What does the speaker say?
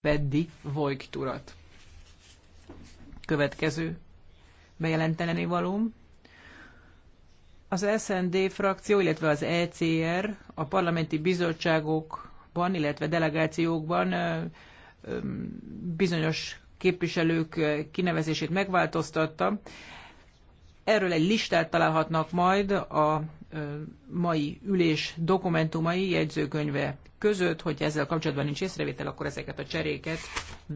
Veddi Vojkt urat. Következő bejelenteleni valóm. Az SND frakció, illetve az ECR a parlamenti bizottságokban, illetve delegációkban bizonyos képviselők kinevezését megváltoztatta. Erről egy listát találhatnak majd a mai ülés dokumentumai jegyzőkönyve között, hogy ezzel kapcsolatban nincs észrevétel, akkor ezeket a cseréket